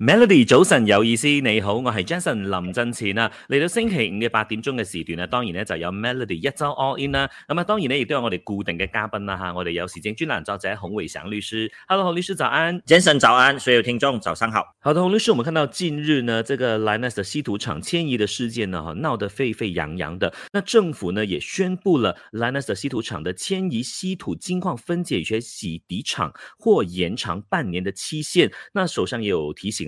Melody 早晨有意思，你好，我係 Jason 林振前啊，嚟到星期五嘅八點鐘嘅時段咧，當然呢就有 Melody 一周 All In 啦。咁啊，當然呢亦都有我哋固定嘅嘉賓啦吓，我哋有時政專欄作者洪偉祥律師。Hello，洪律師早安，Jason 早安，所有聽眾早上好。好的，洪律師，我們看到近日呢，這個 Lynas 稀土廠遷移的事件呢，吓鬧得沸沸揚揚的。那政府呢，也宣布了 Lynas 稀土廠的遷移稀土金礦分解與洗滌廠或延長半年的期限。那首相也有提醒。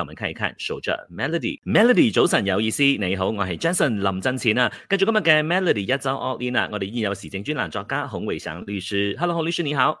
讓我們看一看《守着 melody，melody Mel 早晨有意思，你好，我是 Jason 林振錢啊，繼續今日嘅 melody 一周 all in 啊，我哋依然有時政專欄作家洪偉祥律師，hello 洪律師你好。